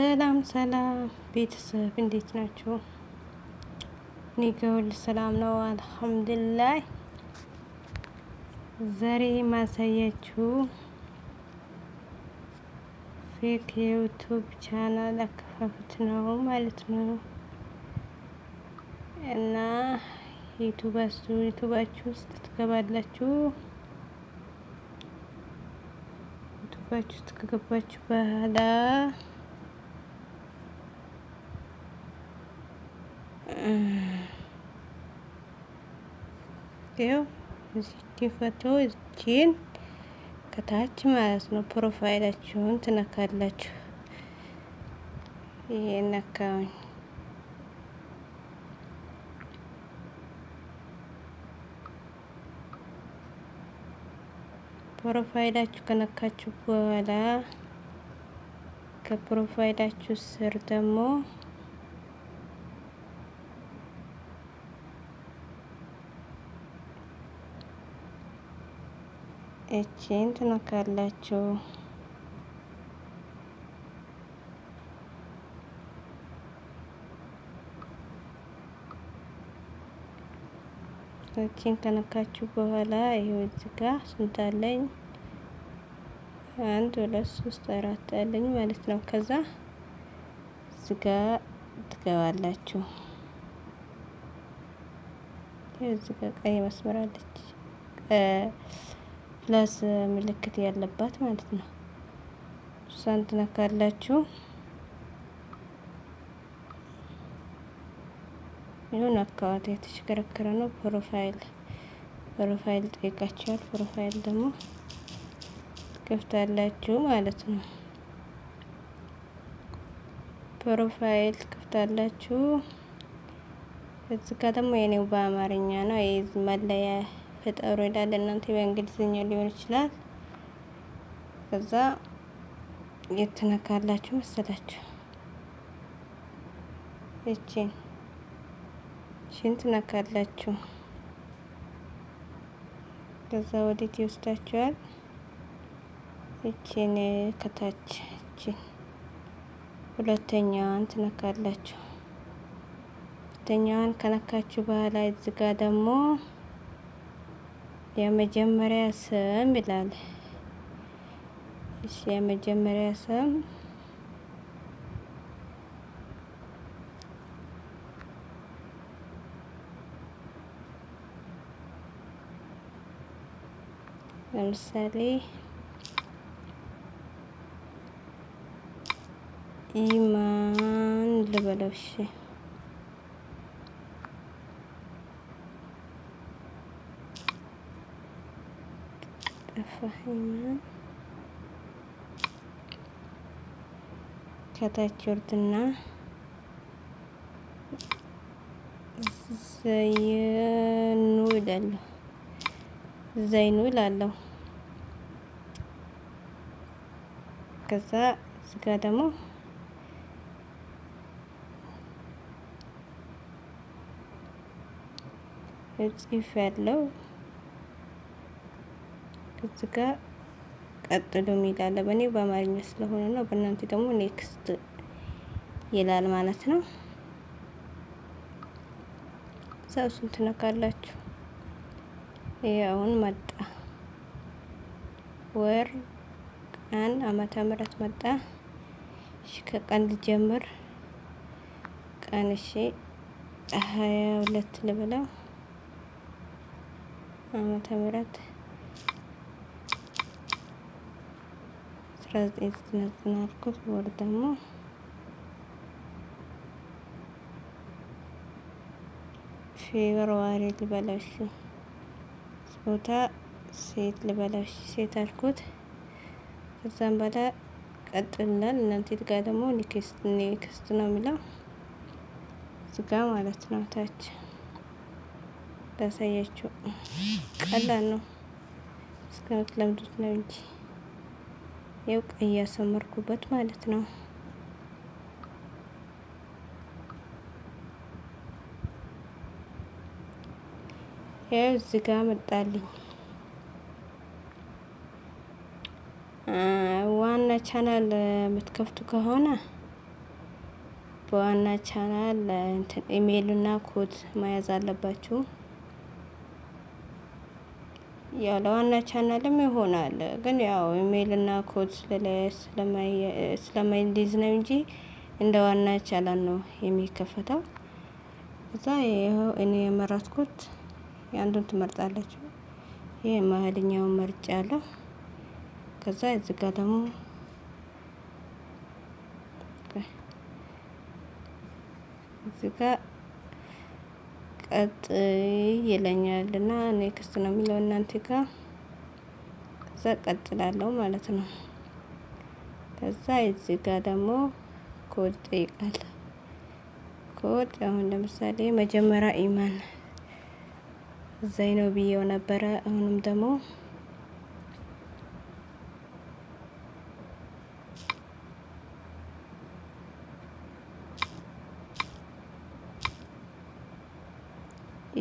ሰላም ሰላም ቤተሰብ እንዴት ናችሁ? እኔ ሁሉ ሰላም ነው አልሐምዱሊላህ። ዛሬ ማሳያችሁ ፌክ የዩቱብ ቻናል አከፋፈት ነው ማለት ነው እና ዩቱባችሁ ውስጥ ትገባላችሁ ዩቱባችሁ ውስጥ ከገባችሁ በኋላ ይኸው እዚህ ፎቶ እዚችን ከታች ማለት ነው ፕሮፋይላችሁን ትነካላችሁ። ይሄ ነካውኝ ፕሮፋይላችሁ ከነካችሁ በኋላ ከፕሮፋይላችሁ ስር ደግሞ እቺን ትነካላችሁ። እቺን ከነካችሁ በኋላ ይሄው እዚህ ጋር ስንት አለኝ? አንድ ሁለት ሶስት አራት አለኝ ማለት ነው። ከዛ እዚህ ጋር ትገባላችሁ። እዚህ ጋር ቀይ መስመር አለች። ፕላስ ምልክት ያለባት ማለት ነው። እሷን ትነካላችሁ። ይሁን አካባቢ የተሽከረከረ ነው። ፕሮፋይል ፕሮፋይል ጠይቃችኋል። ፕሮፋይል ደግሞ ከፍታላችሁ ማለት ነው። ፕሮፋይል ከፍታላችሁ። እዚህ ጋ ደግሞ የኔው በአማርኛ ነው መለያ ተጠሩ ይላል። እናንተ በእንግሊዝኛ ሊሆን ይችላል። ከዛ የተነካላችሁ መሰላችሁ እቺ ሽንት ነካላችሁ ከዛ ወዴት ይወስዳችኋል? እቺን ከታች እቺ ሁለተኛዋን ትነካላችሁ። ሁለተኛዋን ከነካችሁ በኋላ እዚጋ ደግሞ የመጀመሪያ ስም ይላል። እሺ የመጀመሪያ ስም ለምሳሌ ኢማን ልበለው። እሺ ፈህማን ከታች ወርድና ዘይኑ ይላለሁ ዘይኑ ይላለሁ። ከዛ እዚጋ ደግሞ እጽፍ ያለው እዚህ ጋር ቀጥሉ የሚላለ በእኔ በአማርኛ ስለሆነ ነው። በእናንተ ደግሞ ኔክስት ይላል ማለት ነው። እዛ እሱን ትነካላችሁ። ይህ አሁን መጣ ወር ቀን አመተ ምሕረት መጣ። እሺ ከቀን ልጀምር። ቀን እሺ ሀያ ሁለት ልበለው አመተ ምሕረት 19 ዘጠና አልኩት ወር ደግሞ ፌብርዋሪ ልበለሽ ቦታ ሴት ልበለሽ ሴት አልኩት። ከዛም በላ ቀጥልናል። እናንተ ጋር ደግሞ ኒክስት ኔክስት ነው የሚለው እዚጋ ማለት ነው። ታች ላሳያችሁ ቀላል ነው እስከምትለምዱት ነው እንጂ ያው ቀይ ያሰመርኩበት ማለት ነው። ያው እዚህ ጋር መጣልኝ። ዋና ቻናል የምትከፍቱ ከሆነ በዋና ቻናል ኢሜይልና ኮድ መያዝ አለባችሁ። ያው ለዋና ቻናልም ይሆናል ግን ያው ኢሜይልና ኮድ ስለላይ ስለማይሊዝ ነው እንጂ እንደ ዋና ቻናል ነው የሚከፈተው። እዛ ይኸው እኔ የመረጥኩት የአንዱን ትመርጣለች። ይህ መሀልኛውን መርጫ አለው። ከዛ እዚህ ጋ ደግሞ እዚህ ጋ ቀጥ ይለኛል እና ኔክስት ነው የሚለው እናንተ ጋር ከዛ ቀጥላለሁ ማለት ነው። ከዛ እዚ ጋር ደግሞ ኮድ ጠይቃል። ኮድ አሁን ለምሳሌ መጀመሪያ ኢማን ዘይነው ብዬው ነበረ አሁንም ደግሞ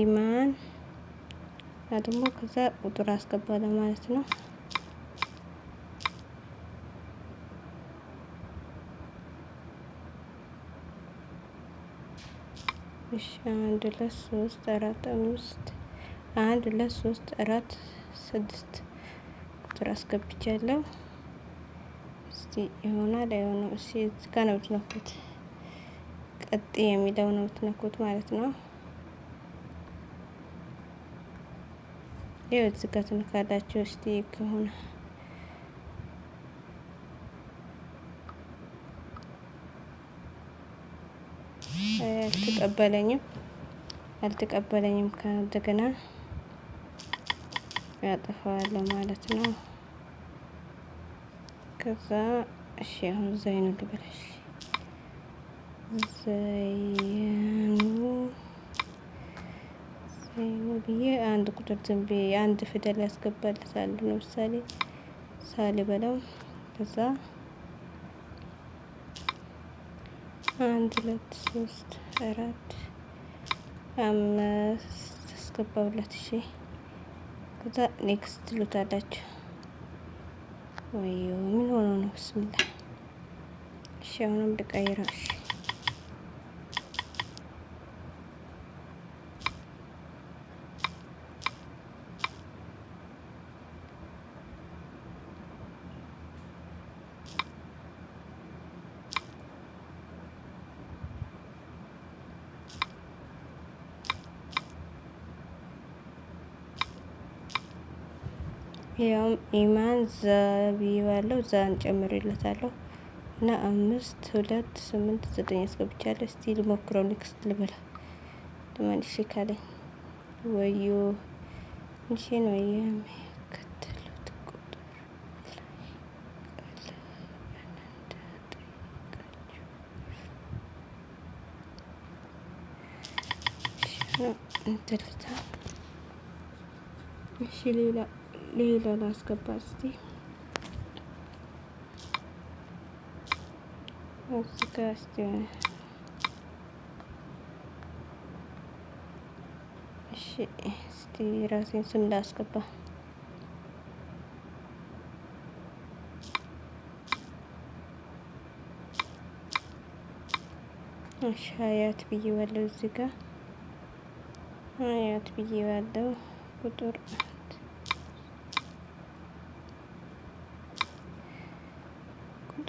ኢማን እና ደግሞ ከዛ ቁጥር አስገባለሁ ማለት ነው። እሺ አንድ ሁለት አራት አምስት አንድ ሁለት አራት ስድስት ቁጥር አስገብቻለሁ። እስቲ ይሆናል አይሆንም። እስቲ እዚህ ጋ ነው የምትነኩት፣ ቀጥ የሚለው ነው የምትነኩት ማለት ነው። ይኸው እዚህ ጋር ትነካላችሁ። እስቲ ከሆነ አልተቀበለኝም አልተቀበለኝም። ከእንደገና ያጠፋዋለሁ ማለት ነው። ከዛ እሺ አሁን ዘይኑ ልበለሽ ዘይ ብዬ አንድ ቁጥር ዝም ብዬ አንድ ፊደል ያስገባልታል። ለምሳሌ ሳሌ በለው ከዛ አንድ ሁለት ሶስት አራት አምስት አስገባሁለት። እሺ ከዛ ኔክስት ትሉታላችሁ። ወይ ምን ሆኖ ነው? ብስምላ እሺ አሁንም ልቀይረው። ይኸውም ኢማን ዘቢባለው ዛን ጨምሬለታለሁ እና አምስት ሁለት ስምንት ዘጠኝ አስገብቻለሁ። እስቲ ልሞክረው። ኔክስት ልበላ ልመልሽ ካለኝ ወዮ ንሽን ወየ የሚከተሉት ቁጥር እንደልፍታ እሺ ሌላ ሌላ ላስገባ እስቲ። እዚህ እሺ፣ እስቲ ራሴን ስም ላስገባ። እሺ፣ ሀያት ብዬ ዋለው እዚህ ጋር ሀያት ብዬ ዋለው ቁጥር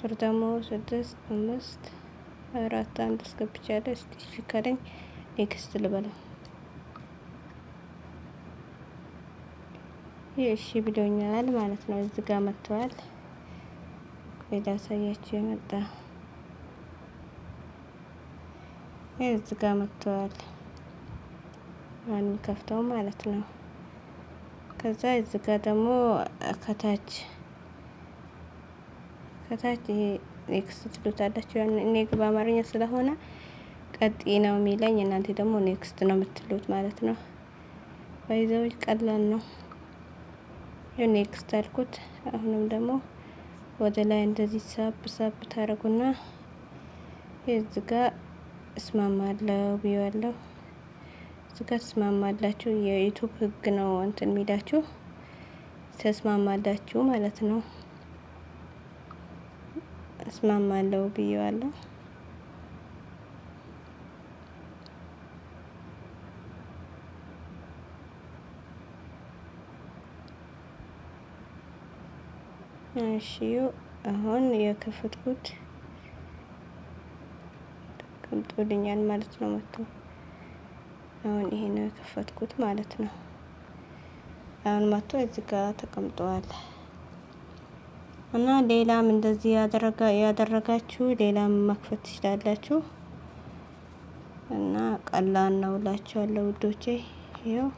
ቁጥር ደግሞ ስድስት አምስት አራት አንድ አስገብቻለሁ። እስቲ ሲከለኝ ኔክስት ልበለው። እሺ ብሎኛል ማለት ነው። እዚህ ጋር መጥተዋል። ሌላ ሳያችሁ የመጣ እዚህ ጋር መጥተዋል። ማን ከፍተው ማለት ነው። ከዛ እዚህ ጋር ደግሞ ከታች ከታች ይሄ ኔክስት ትሉታላችሁ። እኔ ግን በአማርኛ ስለሆነ ቀጢ ነው የሚለኝ፣ እናንተ ደግሞ ኔክስት ነው የምትሉት ማለት ነው። ባይዘዎች ቀላል ነው። ይሄ ኔክስት አልኩት። አሁንም ደግሞ ወደ ላይ እንደዚህ ሳብ ሳብ ታረጉና እዚህ ጋር እስማማለሁ ብያለሁ። እዚህ ጋር ትስማማላችሁ። የዩቱብ ህግ ነው እንትን የሚላችሁ ተስማማላችሁ ማለት ነው። እስማማለሁ ብየዋለሁ። እሺ አሁን የከፈትኩት ተቀምጦልኛል ማለት ነው። መቶ አሁን ይሄ ነው የከፈትኩት ማለት ነው። አሁን መቶ እዚህ ጋር ተቀምጠዋል። እና ሌላም እንደዚህ ያደረጋችሁ ሌላም መክፈት ትችላላችሁ። እና ቀላል ነው እላችኋለሁ ውዶቼ። ይኸው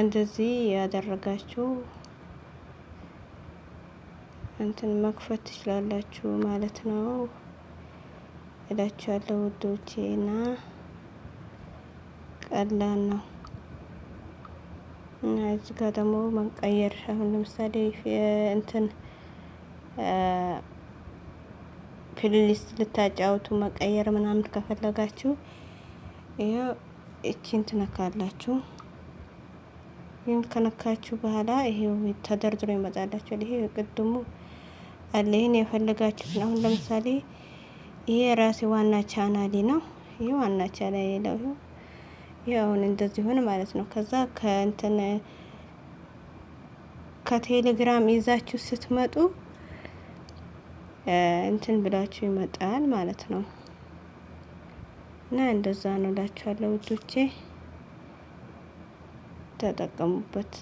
እንደዚህ ያደረጋችሁ እንትን መክፈት ትችላላችሁ ማለት ነው እላችኋለሁ ውዶቼ እና ቀላል ነው። እና እዚህ ጋር ደግሞ መቀየር አሁን ለምሳሌ እንትን ፕሌሊስት ልታጫውቱ መቀየር ምናምን ከፈለጋችሁ ይኸው እቺን ትነካላችሁ። ይህን ከነካችሁ በኋላ ይሄው ተደርድሮ ይመጣላችሁ። ይሄ ቅድሙ አለ። ይህን የፈለጋችሁትን አሁን ለምሳሌ ይሄ ራሴ ዋና ቻናሌ ነው። ይሄ ዋና ቻናሌ ነው። ያውን እንደዚህ ሆነ ማለት ነው። ከዛ ከእንትን ከቴሌግራም ይዛችሁ ስትመጡ እንትን ብላችሁ ይመጣል ማለት ነው። እና እንደዛ ነው እላችኋለሁ ውዶቼ፣ ተጠቀሙበት።